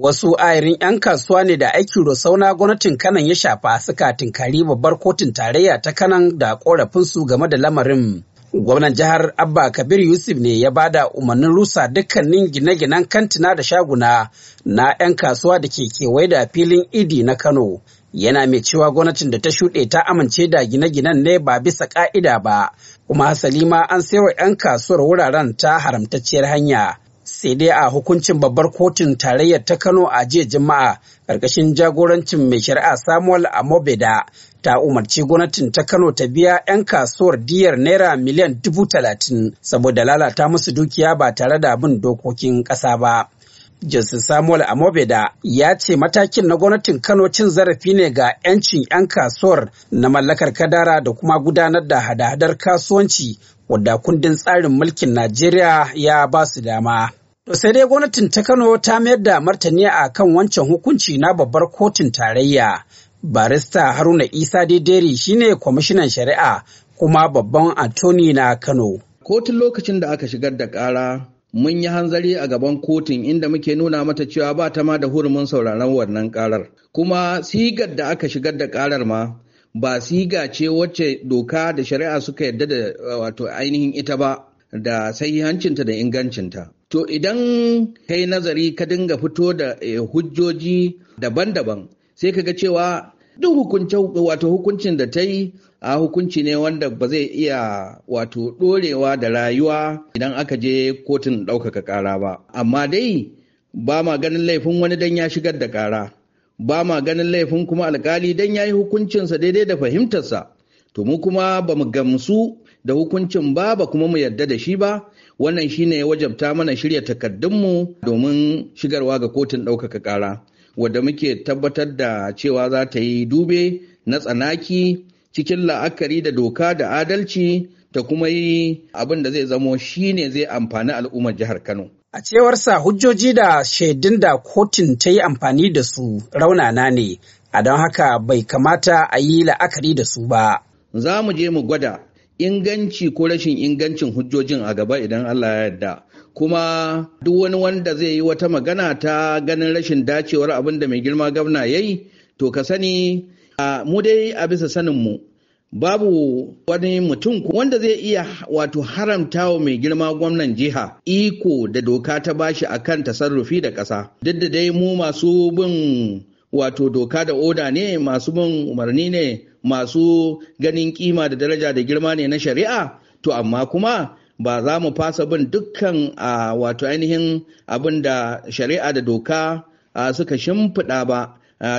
Wasu ayarin 'yan kasuwa ne da aikin Rosauna gwamnatin Kanan ya shafa suka tinkari babbar kotun tarayya ta Kanan da korafinsu game da lamarin. Gwamnan jihar Abba Kabir Yusuf ne ya bada umarnin rusa dukkanin gine-ginen kantina da shaguna na 'yan kasuwa da ke kewaye da filin idi na Kano. Yana mai cewa gwamnatin da ta shuɗe ta amince da gine-ginen ne ba bisa ƙa'ida ba, kuma hasali ma an wa 'yan kasuwar wuraren ta haramtacciyar hanya. sai dai a hukuncin babbar kotun tarayyar ta kano a jiya juma'a ƙarƙashin jagorancin mai shari'a samuel amobeda ta umarci gwamnatin ta kano ta biya 'yan kasuwar diyar naira miliyan dubu talatin saboda lalata musu dukiya ba tare da bin dokokin ƙasa ba Justice Samuel Amobeda ya ce matakin na gwamnatin Kano cin zarafi ne ga 'yancin 'yan kasuwar na mallakar kadara da kuma gudanar da hada-hadar kasuwanci wadda kundin tsarin mulkin Najeriya ya ba su dama. To sai dai gwamnatin ta Kano ta mayar da martani a kan wancan hukunci na babbar kotun tarayya. Barista Haruna Isa Dederi shine kwamishinan shari'a kuma babban Atoni na Kano. Kotun lokacin da aka shigar da ƙara mun yi hanzari a gaban kotun inda muke nuna mata cewa ba ta ma da hurumin sauraron wannan karar kuma sigar da aka shigar da karar ma ba siga ce wacce doka da shari'a suka yarda da wato ainihin ita ba da sahihancinta da ingancinta. To idan ka yi nazari ka dinga fito da eh, hujjoji daban-daban sai ka ga cewa duk hukunce wato hukuncin da ta yi a hukunci ne wanda ba zai iya wato ɗorewa da rayuwa idan aka je kotun ɗaukaka ƙara ba. Amma dai ba ma ganin laifin wani dan ya shigar da ƙara. Ba ma ganin laifin kuma alkali dan ya yi hukuncinsa daidai da fahimtarsa. To mu kuma ba mu gamsu da hukuncin ba ba kuma mu yarda da shi ba wannan shine ya wajabta mana shirya takardunmu domin shigarwa ga kotun ɗaukaka ƙara wadda muke tabbatar da cewa za ta yi dube na tsanaki cikin la'akari da doka da adalci ta kuma yi abin da zai zamo shi ne zai amfani al'ummar jihar Kano. A cewarsa hujjoji da shaidun da kotun ta yi amfani da su raunana ne, a don haka bai kamata a yi la'akari da su ba. Za mu je mu gwada inganci ko rashin ingancin hujjojin a gaba idan Allah ya yarda kuma duk wani wanda zai yi wata magana ta ganin rashin dacewar abin da mai girma gwamna ya yi to ka sani mu dai a bisa saninmu babu wani mutum wanda zai iya wato haramta wa mai girma gwamnan jiha iko da doka ta bashi akan tasarrufi da ƙasa duk da dai mu masu bin wato doka da oda ne masu bin umarni ne masu ganin kima da daraja da girma ne na shari'a to amma kuma ba za mu fasa bin dukkan a wato ainihin abin da shari'a da doka suka shimfiɗa ba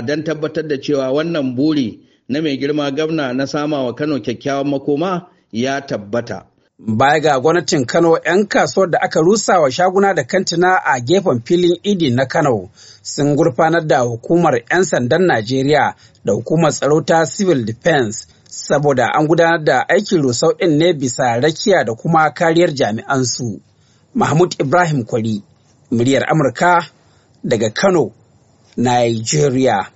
don tabbatar da cewa wannan buri na mai girma gwamna na sama wa kano kyakkyawan makoma ya tabbata Baya ga gwamnatin Kano 'yan kasuwar da aka rusa wa shaguna da kantina a gefen filin idi na Kano sun gurfanar da hukumar 'yan sandan Najeriya da hukumar tsaro ta civil defense saboda an gudanar da aikin rusau ɗin ne bisa rakiya da kuma kariyar jami'ansu. Mahmud Ibrahim Kwari, muryar Amurka daga Kano, Nigeria.